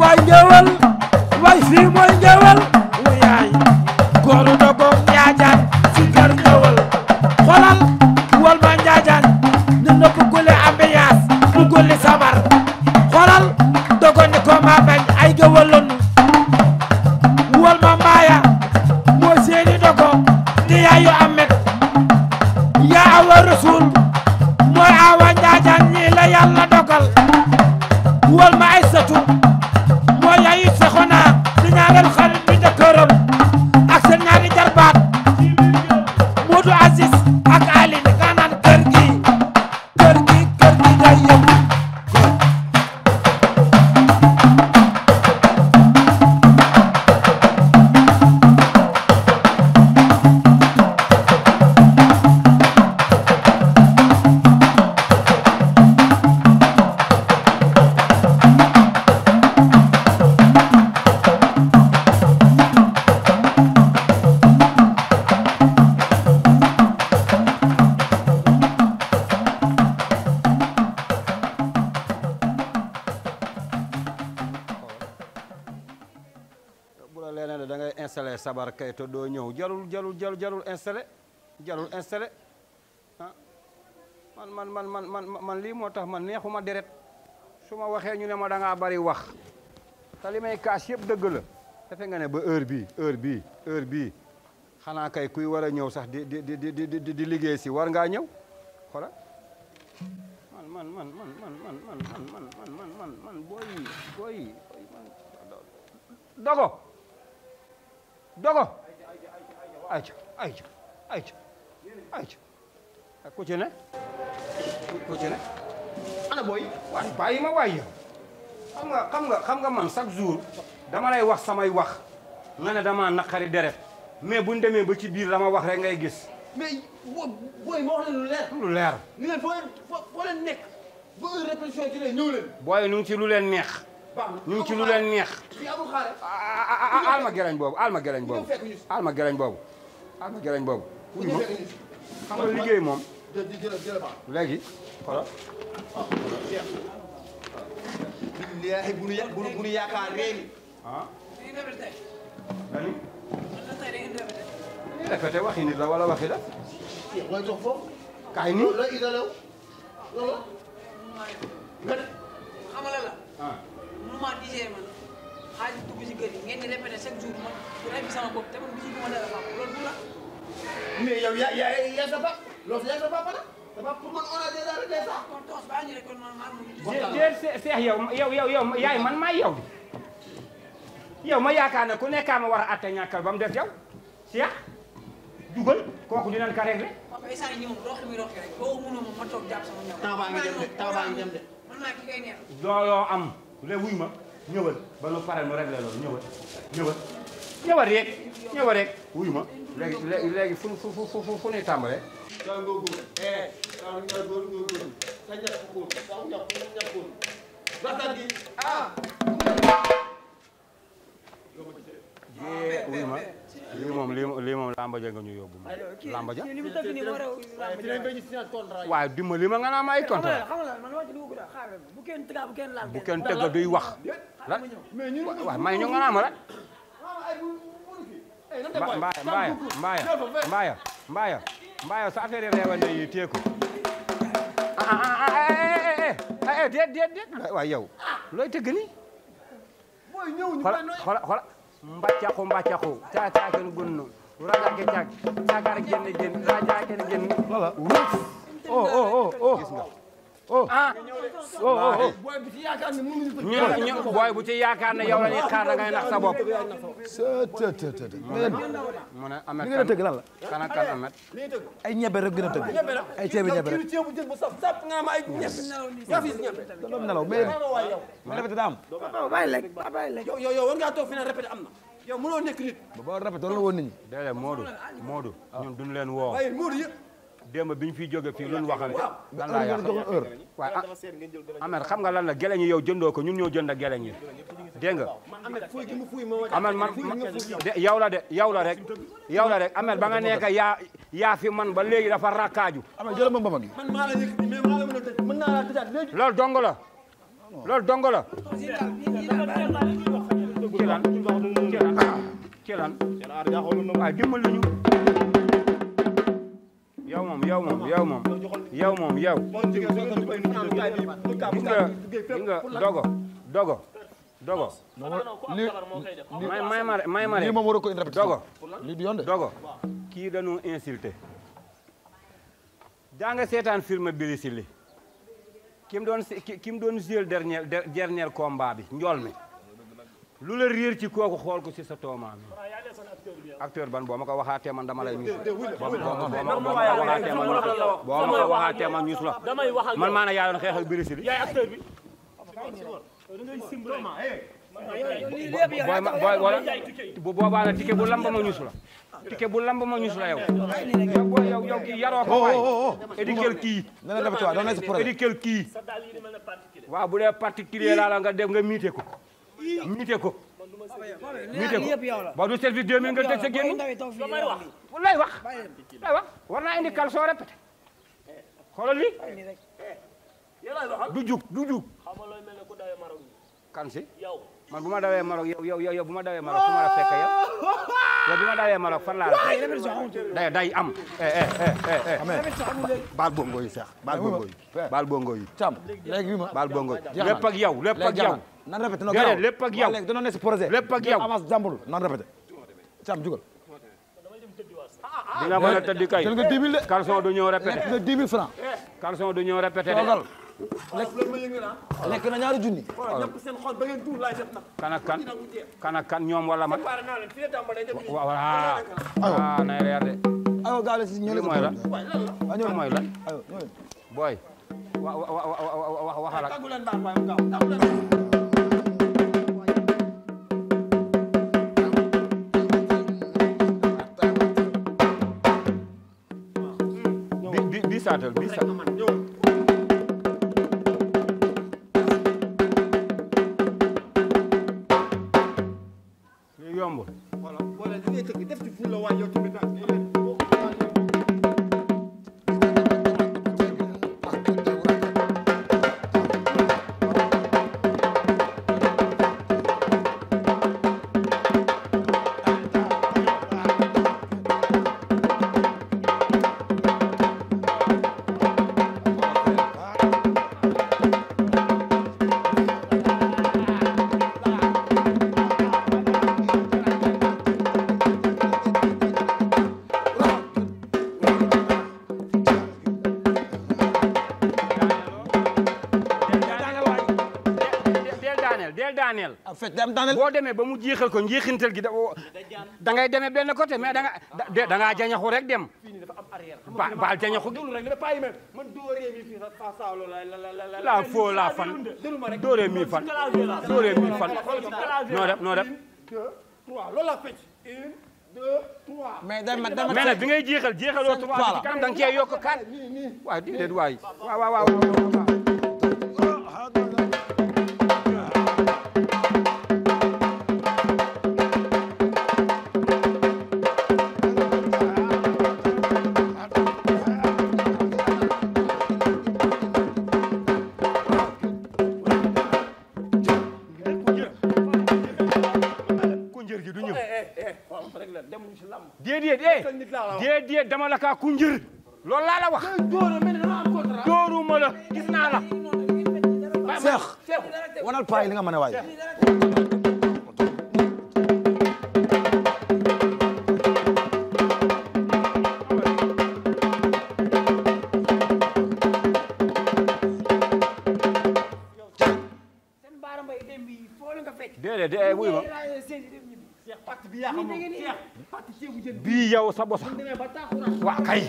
waay ngeewal waay fii mooy ngeewal installé sabar kay to do ñew jarul jarul jarul jarul installé jarul installé man man man man man man li motax man neexuma deret suma waxe ñu ne ma da nga bari wax ta limay may kaas yëpp dëgg la defe nga ne ba heure bi heure bi heure bi xana kay kuy wara ñew sax di di di di di liggéey ci war nga ñew xola man man man man man man man man man man man man man boy man dogo dogo ayca ayca ayca ayca ah, ku ci ne ku ci ne ana booy waaye ma waay yow xam nga xam nga xam nga man chaque jour dama lay wax samay wax nga ne dama naqari deret mais buñ demee ba ci biir lama wax rek ngay gis mais booy ma wax leen lu leer lu leer ni leen foo leen foo leen nekk ba heure répétition ci leen ñëw booy ñu ci lu leen neex ñu ngi ci lu leen neex. aal ma gerañ boobu aal ma gerañ boobu. aal ma gerañ boobu aal ma gerañ boobu. wuyu ma xam nga liggéey moom. léegi voilà. billahi bu nu bu nu yaakaar réew ah. dañuy. répété waxi nit la wala waxi la. mooy dox foofu. kaay nii. loolu la. xamale la. mënuma digérer man xaalis dugg sa papa loolu yow yow yow yow yaay man maay yow di yow ma yaakaar ne ku nekkaa ma war a atte ñàkkal ba mu des yow seex dugal kooku dinañ ko réglé. waaw kay saa yi am. le wuy ma ñëwal ba nu pare nu réglé loolu ñëwal ñëwal ñëwal rek ñëwal rek wuy ma fu fu fu fu ñuy tàmbalee daa ngoo góor eh daa ngoo nga ñu yóbbu ma lamba ja waaw dimbali ma nga naa ma ay bu kenn tëgga bu kenn laal ñu nga naam rek mbaaya mbaaya mbaaya mbaaya mbaaya mbaaya sa affaire reewande yi téye ko ah déet déet déet waaw yow looy tëgg ni xola xola mbaccaxu mbaccaxu gunnu raja ke caag caagaar génn génn raja kenn oh ah oh, oh, oh. booy bu ci yaakaar ne yow la ñuy xaar da ngay nax sa bopp. mu ne Amet gën a tëgg lan la. kan ak kan Amet. ay ñebe rek gën a tëgg. ay ceebu ñebe rek. dama nelaw mais. ma répété daa am. bàyyi lekk bàyyi lekk. yow yow war ngaa toog fi ne répété am na. yow mënoo nekk nit. ba ba répété woon nañu. déedéet Modou Modou ah. ñun duñu leen woo. démb bi ñu fi jóge fii luñ waxal lan laa yàq waaye ah, Ameth xam nga lan la geleñ yi yow jëndoo ko ñun ñoo jënd geleñ yi dégg nga Ameth man yow la de yow la rek yow la rek Ameth ba nga nekk yaa yaa fi man ba léegi dafa rakkaaju loolu dong la loolu dong la ci lan ci lan ci lan waaye dimbali ñu yow moom yow moom yow moom yow moom yow gis nga gis nga dogo dogo dogo may may ma may ma lii moom war a ko indi répétition dogo lii du yoon de dogo kii dañu insulté daa nga seetaan film biri si li kim doon kim doon jël dernier dernier combat bi njool mi lu la réer ci kooku xool ko ci sa tooma mi aktor ban bo mako waxate man dama lay ñuus boo ma ko man ñuus la man mana ne yaa doon xeexal birisi li yaay acteur bi bawa boobaa la ticket bu lamb ma ñuus la ticket bu lamb ma ñuus la yow yow yow kii yaroo ko waay édikel bu particulier la nga nga ko ko ba du service 2000 nga teg sa génn lay wax lay wax war naa indi caleçon répété xoolal li eh, du jug du jug kan si yow man bu ma dawee Maroc yow yow yow bu ma dawee Maroc fu ma la ma dawee Maroc fan laa day am eh, eh, eh, baal bongo yi sax baal bongo yi baal bongo yi tam léegi ma baal bongo yi lépp ak yow lépp ak yow nan répété non déedéet lépp ak yow léegi dañoo ne si projet lépp ak yow nan répété tam jugal di nga mën a tëddi kay calson du ñëw répété calson du Ah. lekk na ñaari junni kan ak kan kan ak kan ñoom wala man wala ah na ah, reer de ayo gaale ci ñëlé mooy lan ayo mooy lan boy wa wa wa waxal ak Bisatel, bisatel. fecc da am daaneel boo demee ba mu jeexal ko njeexintal gi da da ngay demee benn côté mais da nga da ngaa jañaxu rek dem. ba baal jañaxu. la foo la fan. dooree mi fan dooree mi fan noo def noo def. mais dama dama mais nag bi ngay jeexal jeexaloo trois da nga yokk quatre waaw déedéet waay waaw lamb rek la demuñu si lamb. déedéet eh déedéet dama la kaa ku loo loolu laa la wax. dooruma la gis naa la. Seex wanal paa yi li nga mën a waay. déedéet déedéet wuy ma. bii yow sa bosa waa kay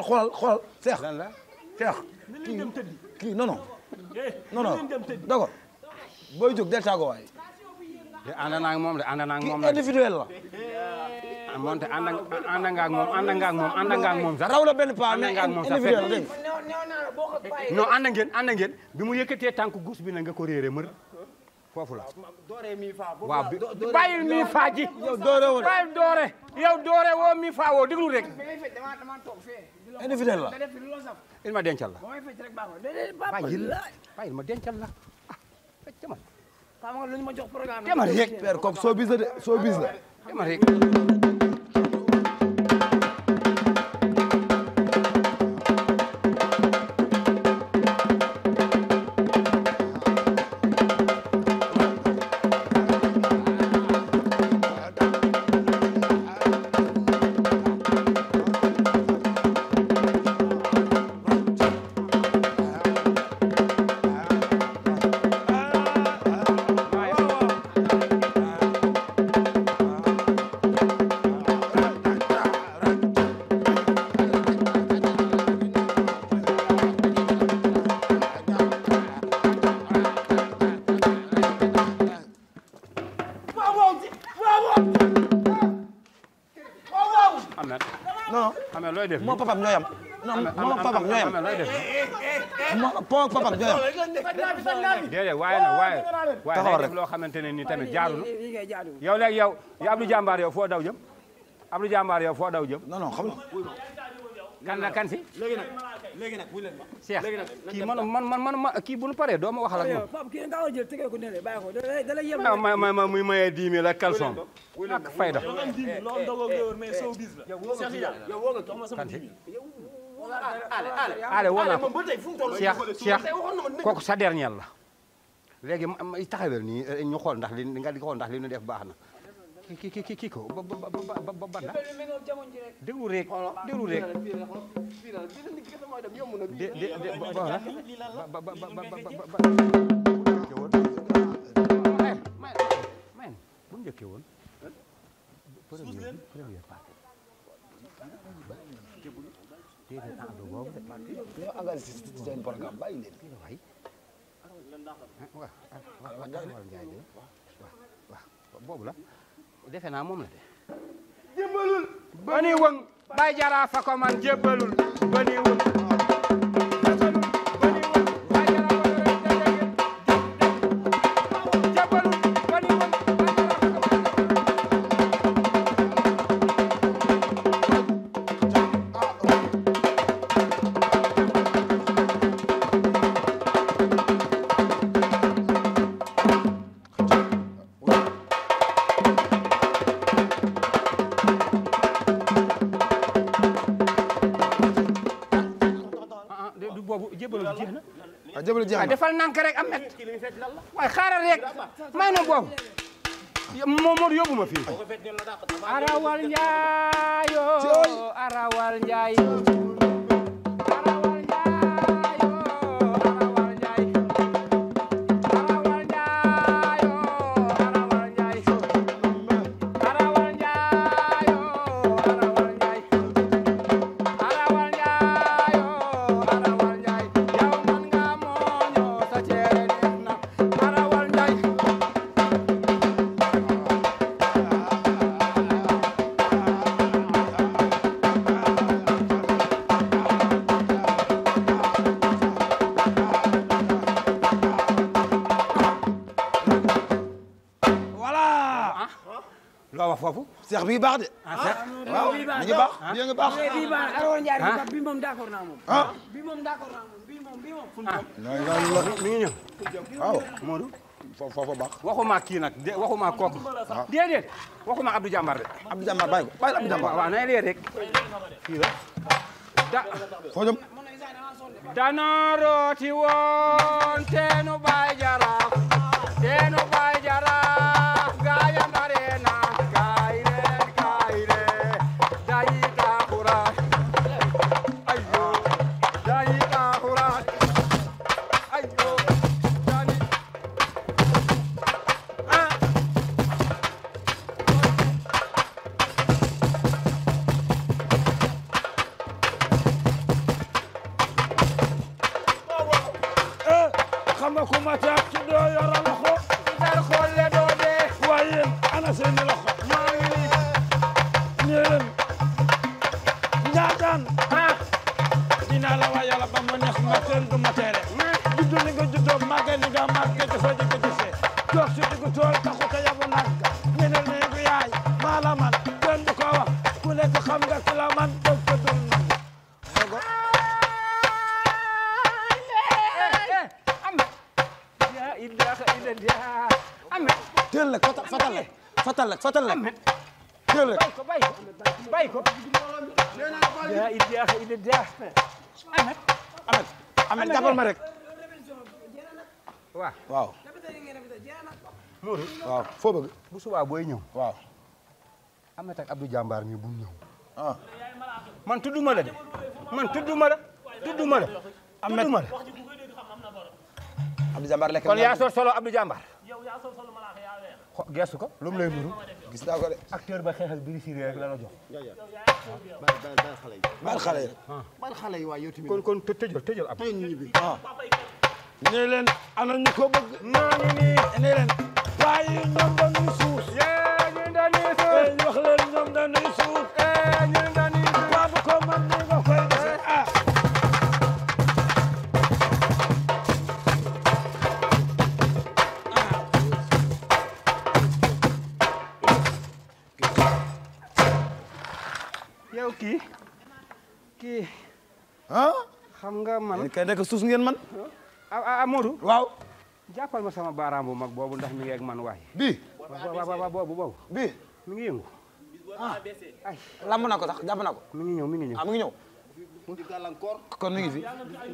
xoolal xoolal xoolal seex seex kii non non eh, non non d'accord booy jóg del tàggoo waay de ànd naa moom de ànd naa moom la individuel la. Ah, moom te ànd ànd nga ak moom ànd nga ak moom ànd nga ak moom sax. raw la benn paa mais individuel la non ànd ngeen bi mu yëkkatee tànk gus bi na nga ko réeré mër foofu la. waaw bi bàyyi mi faa ji. doore woo mi faa woo déglu rek. individuel la il ma dencal la. bàyyil ma dencal la ah demal. demal rek. père kooku soo bis la de soo bis la demal rek. papam ñooy am. non moom ak papam ñooy am moom ak papam ñooy am. déedéet waaye nag oh, waaye. taxawal rek loo xamante ne nii tamit jaarul. yow léegi yow Abdou Jambaar yow foo daw jëm Abdou Jambaar yow foo daw jëm. non non xam léegi nag buñ leen ma Cheikh kii man man man man kii bu ñu paree doo ma waxal kii nga ko jël tege ko nele bàyyi ko da lay yem ma ma ma muy maye dix mille ak caleçon ak fayda loolu dogo ngeur mais eh, eh, sow bis la yow woo nga toxma sama dix mille ale woo naa ko Cheikh kooku sa dernier la léegi taxawel nii eh, ñu xool ndax li nga di xool ndax li ñu def baax na ki ki ki ko ba ba ba ba ban la. déglu rek déglu rek. bu ñu njëkkee woon. premier premier parti. déedéet ah du boobu de. dañoo engagé si seen programme bàyyi leen. waay waaw waaw waaw waaw waaw boobu la. defe naa moom la de. jébbalul ba ni bay jaraa fa ko jébbalul ba ni waaye defal nank rek am xaaral rek may na boobu moom moo yóbbu ma fii arawal njaayo oh, arawal njaayo foofu. seex bii baax de. ah seex ah, waaw bii baax baax bii ah. nga baax. Eh, bii baax ah. aroon njaar bi moom d'accord naa moom. ah bii moom d'accord naa moom bii moom bii moom. ah mi ngi ñëw. waaw Modou. foofu foofu baax. waxuma kii nag de waxuma kooku. waaw déedéet waxuma Abdou Jambar de. Abdou Jambar bàyyi ko bàyyi Abdou Jambar. waaw na leen rek. kii la da. foo jëm. dana rooti woon teenu bay jaraaf teenu naan ah di naa la waa yàlla ba ma neex ma teen du ma teere juddu ni nga juddoo màgge ni nga màgge te soo jëgg gisee toog si diggu tool taxu te yabu nag ñu ne ne ko yaay maa la man kenn du ko wax ku nekk xam nga ku la man dog ko dul nag dogo am yaa ilaha illallah am teel la fatal la fatal la fatal la rek waaw waaw loolu waaw foo bëgg bu subaa ñëw waaw am na mi bu ñëw ah man tudduma la de man tudduma la tudduma la tudduma la Abdou Jàmbaar lekk kon yaa solo Abdou xo gestu ko lu mu la nuru. gis naa ko de. ba xeex ak biir Syrie rek la la jox. baal xale yi. baal xale yi. Ah. xale yi waaye yow tamit. kon kon tëjal tëjal ab. tëj bi waaw. Ah. ne leen ana ñu ko bëgg. maa ngi nii ne leen. waaye ndomba kay nekk suus ngeen man ah ah Modou waaw jàppal ma sama baaraam bu mag boobu ndax mi ngi ak man waay bi waaw boobu boobu bi mi ngi yëngu ah. ah ay lamb na ko sax jàpp na ko mi ngi ñëw mi ngi ñëw ah mi ngi ñëw di gàllankoor kon mi ngi fi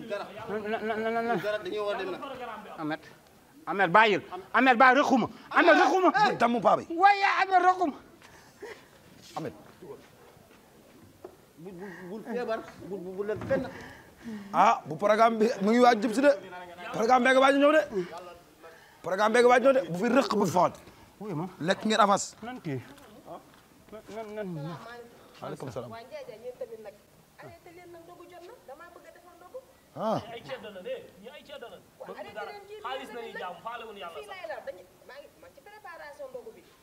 dara dara dañuy war dem na amet amet bàyyil amet bàyyi rëquma amet rëquma damu baabay waaye amet rëquma amet bu bu bu feebar bu bu leen fenn ah bu programme bi mu ngi waaj jub si de programme bee nga waaj de bu fi rëq bu faat lekk ngeen avance.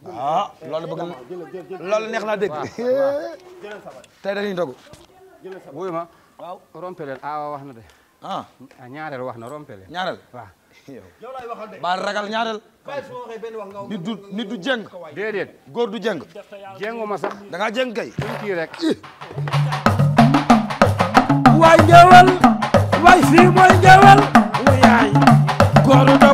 ah. ah loolu bëgg na neex naa dégg. tey dañuy dogu. waaw rompe leen ah, wax na de. ah, ah ñaareel wax na rompe leen. ñaareel ragal ñaareel. nit du nit du jeng. déedéet góor du jeng. jenguma sax. da ngaa jeng kay. waay ngeewal. waay fii mooy ngeewal. mu